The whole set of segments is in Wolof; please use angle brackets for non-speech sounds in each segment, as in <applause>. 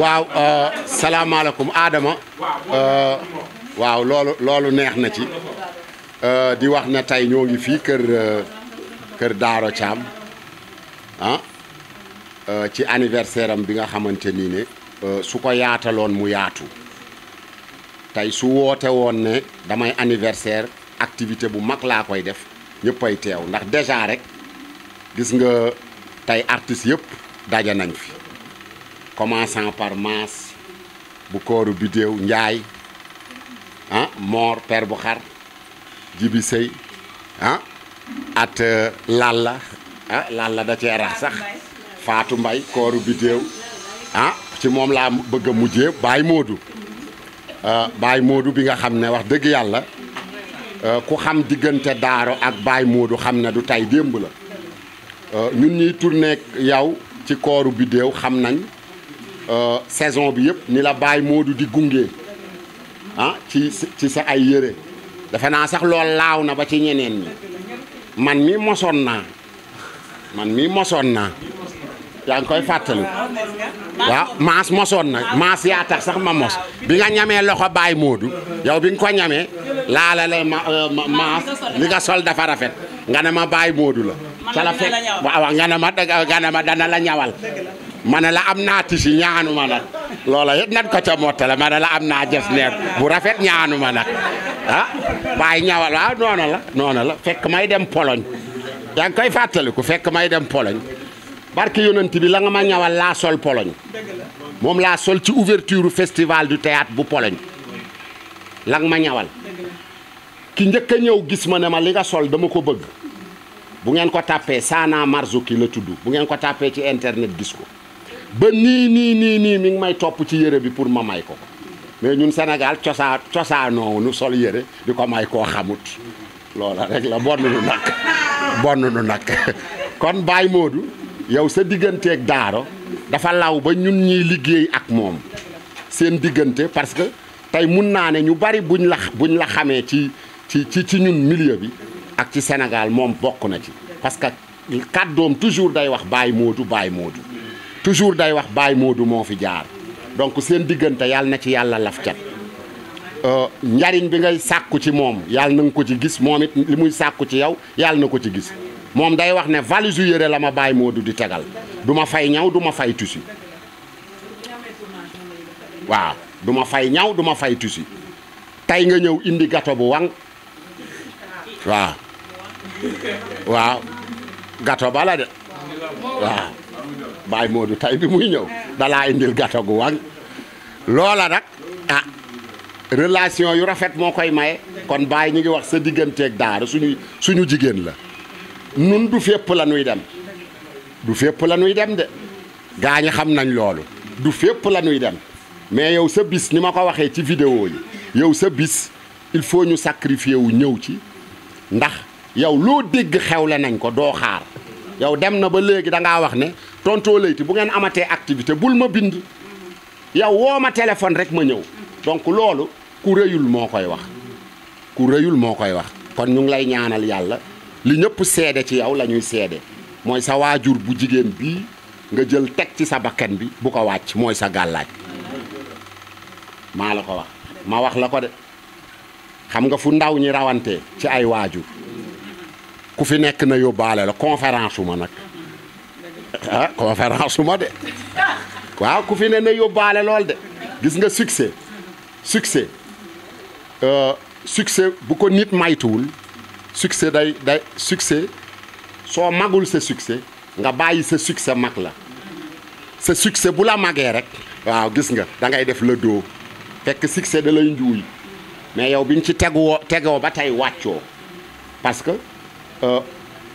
waaw euh, salaamaaleykum aadama euh, waaw loolu loolu neex na ci euh, di wax na tey ñoo ngi fii kër kër Daaro Thiam ah ci anniversaire bi nga xamante nii ne su ko yaataloon mu yaatu tey su woote woon ne damay anniversaire activité bu mag laa koy def ñëppay teew ndax déjà rek gis nga tey artistes yëpp daja nañ fi commençant par maas bu kooru biddéew njaay ah moor per bu xar jibi sëy ah at euh, lalla ah da cee rax sax faatu mbay kooru bidéew ah, ci moom laa bëgg a mujjee baay moodu euh, baay moodu bi nga xam ne wax dëgg yàlla euh, ku xam diggante daaro ak baay moodu xam ne du tey démb la ñun ñuy tourné yow ci kooru bidéew xam nañ Euh, saison bi yëpp ni la Baye Modou di gunge ah ci ci ay yére defe naa sax lool laaw na ba ci ñeneen ñi man mi mosoon naa man mi mosoon naa yaa ngi koy fàttali waaw maas mosoon na maas yaa tax sax ma mos bi nga ñamee loxo Baye Modou yow bi nga ko ñamee laala la euh, ma maas li nga sol dafa rafet nga ne ma Baye Modou la ca la fekk waaw nga ne ma nga ne ma dana la ñawal manela amna ci tisi ñaanu ma lola loola it nan ko ca motale manela amna jess neer bu rafet ñaanu ma ah waaye ñawal wa nono la nono la fekk may dem Pologne yaa koy koy ku fekk may dem Pologne barki yonent bi la nga ma ñawal la sol Pologne mom la sol ci ouverture festival du théâtre bu Pologne la nga ma ñawal ki malika ñew gis ma ne ma li nga sol dama ko bëgg bu ngeen ko tapé Sana Marzuki la tuddu bu ngeen ko tapé ci internet gis ko ba nii nii nii nii mi ngi may topp ci yére bi pour ma may ko mais ñun Sénégal cosaan cosaanoo nu sol yére di ko may koo xamut loola rek la bonn nu nag bonn nu nag <laughs> kon Baye Modou yow sa digganteeg Daaro dafa law ba ñun ñiy liggéey ak moom seen diggante parce que tey mun naa ne ñu bari buñ la buñ la xamee ci ci ci ci ñun milieu bi ak ci Sénégal moom bokk na ci parce que kàddoom toujours day wax baay Baye Modou Baye Modou toujours day wax Baye du moo fi jaar donc seen diggante yàlla na ci yàlla laf cat euh, njariñ bi ngay sàkku ci moom yàlla na ko ci gis moom it li muy sàkku ci yow yàlla na ko ci gis moom day wax ne valise yu la ma baay moo du di tegal du ma fay ñaw du ma fay tusi waaw du fay ñaw du ma fay tey nga ñëw indi gato bu wang waaw waaw gato bala de waaw moo Modou tay bi muy ñëw dalaa indil gato gu waŋ loola nag ah relation yu rafet moo koy maye kon Baye ñu ngi wax sa digganteeg daara suñu suñu jigéen la nun du fépp la nuy dem du fépp la nuy dem de gaa ñi xam nañ loolu du fépp la nuy dem mais yow sa bis ni ma ko waxee ci vidéo yi yow sa bis il faut ñu sacrifier wu ñëw ci ndax yow loo dégg xewle nañ ko doo xaar yow dem na ba léegi da ngaa wax ne Tonto Leyti bu ngeen amatee activité bul ma bind yow woo ma téléphone rek ma ñëw donc loolu ku rëyul moo koy wax ku rëyul moo koy wax kon ñu ngi lay ñaanal yàlla li ñëpp seede ci yow la ñuy seede mooy sa waajur bu jigéen bii nga jël teg ci sa bakkan bi bu ko wàcc mooy sa gàllaaj maa la ko wax ma wax la ko de xam nga fu ndaw ñi rawante ci ay waajur ku fi nekk na yóbbaale la conférence su nag ah conférence de waaw ku fi ne na yóbbaale lool de gis nga succès succès euh, succès bu ko nit maytuwul succès day day succès soo magul sa succès nga bàyyi sa succès mag la sa succès bu la magee rek waaw gis nga da ngay def le doo fekk succès da lay njuuy mais yow bi ñu ci tegu woo tegoo ba tey wàccoo parce que Euh,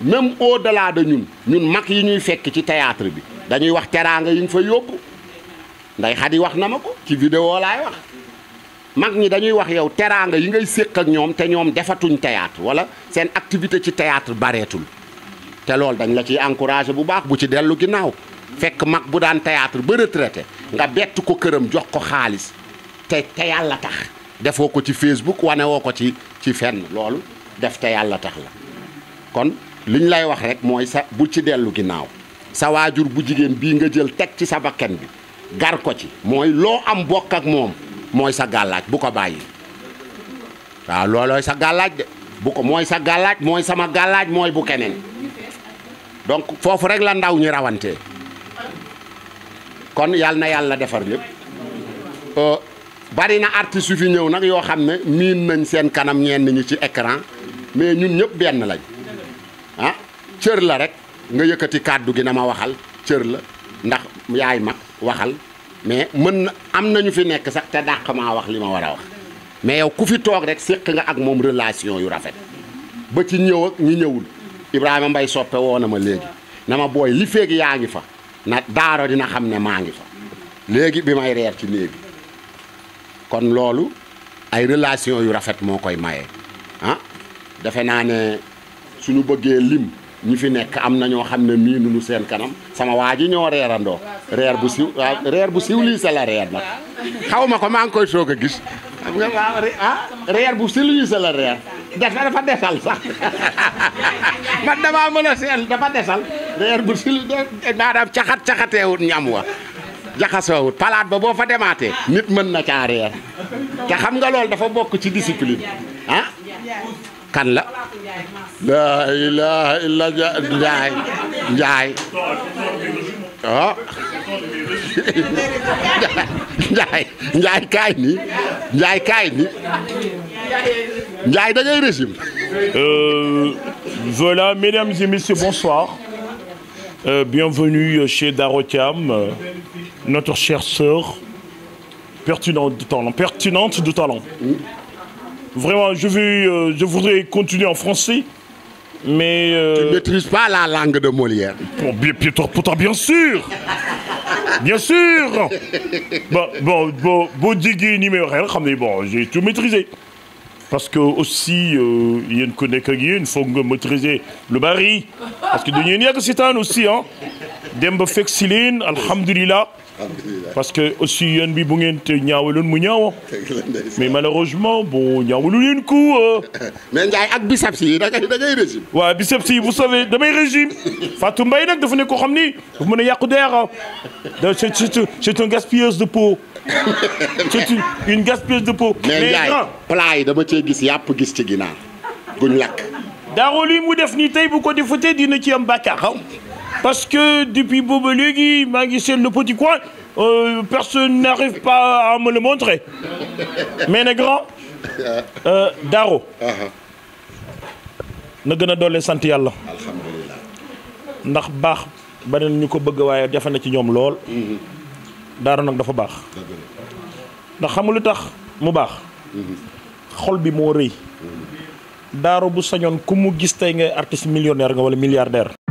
même au delà de ñun ñun mag yi ñuy fekk ci théâtre bi dañuy wax teraanga yi ñu fa yóbbu nday xadi wax na ma ko ci vidéo laay wax mag ñi dañuy wax yow teraanga yi ngay séq ak ñoom te ñoom defatuñ théâtre wala seen activité ci théâtre bareetul te loolu dañ la ciy encouragé bu baax bu ci dellu ginnaaw fekk mag bu daan théâtre ba retraité nga bett ko këram jox ko xaalis te te yàlla tax defoo ko ci Facebook wane woo ko ci ci fenn loolu def te yàlla tax la kon liñ lay wax rek mooy sa bu ci dellu ginnaaw sa waajur bu jigéen bii nga jël teg ci sa bakken bi gar ko ci mooy loo am bokk ak moom mooy sa gàllaaj bu ko bàyyi waaw loolooy sa gàllaaj de bu ko mooy sa gàllaaj mooy sama gàllaaj mooy bu keneen donc foofu rek la ndaw ñi rawantee kon yàlla na yàlla defar lépp euh, bari na artistes yu fi ñëw nag yoo xam ne miin nañ seen kanam ñenn ñi ci écran mais ñun ñëpp benn lañ cër la rek nga yëkkati kàddu gi na ma waxal cër la ndax yaay mag waxal mais mën na am nañu fi nekk sax te dàq maa wax li ma war a wax mais yow ku fi toog rek séq nga ak moom relation yu rafet ba ci ñëw ak ñëwul Ibrahima mbay soppe woo na ma léegi na ma booy li féeg yaa ngi fa na daaro dina xam ne maa ngi fa léegi bi may reer ci néegi kon loolu ay relation yu rafet moo koy maye ah defe naa ne suñu bëggee lim ñi fi nekk am na ñoo xam ne miinuñu kanam sama waa ji ñoo reerandoo reer bu siw ah, reer bu siw lii sa la reer nag xaw ko maa ngi koy soog gis xam ah, ah, reer bu siw lii sa la reer dafa dafa desal sax <laughs> man damaa mën a seel dafa desal reer bu siw maanaam caxat caxateewut ñam wa jaxasoowut palaat ba boo fa demaatee nit mën na caa reer te xam nga loolu dafa bokk ci discipline ah kan la la ilaha illa njaay njaay ah njaay njaay kaay nii njaay kaay nii njaay da ngay régime euh voilà mesdames et messieurs bonsoir Euh, bienvenue chez Darotiam, euh, notre chère sœur, pertinente de talent. Pertinente de talent. Vraiment, je, vais, euh, je voudrais continuer en français, mais... Euh, tu ne maîtrises pas la langue de Molière. Bon, bien, pourtant, bien sûr Bien sûr Bon, bon, bon, bon, bon j'ai tout maîtrisé. Parce que aussi, euh, il y a une connexion, il faut maîtriser le baril. Parce que de Nyenia que c'est un aussi, hein. Dembe alhamdulillah parce que aussi yéen bi bu ngent te mu ñaawo mais malheureusement bon ñaawalu leen ko mais Ndiaye ak biceps yi da ngay régime Wa biceps yi vous savez damay régime Fatou Mbay nak dafa ne ko xam ni dafa mën a yàqu der hein. c'est un gaspillage de peau c'est une une gaspillage de peau mais Ndiaye plat yi dama cee gis yap gis ci ginaar guñ lakk daaro li mu def ni tay bu ko defatee dina ci am bakkar. Hein. Parce que depuis Bobelegui, le petit coin, euh, personne n'arrive pas à me le montrer. Mais les grand, <laughs> euh, Daro. Ah, ah. na avons a doole sant yàlla. ndax baax beneen ñu que bëgg waaye na ci lool. Mhm. dafa Daro, artiste millionnaire nga milliardaire.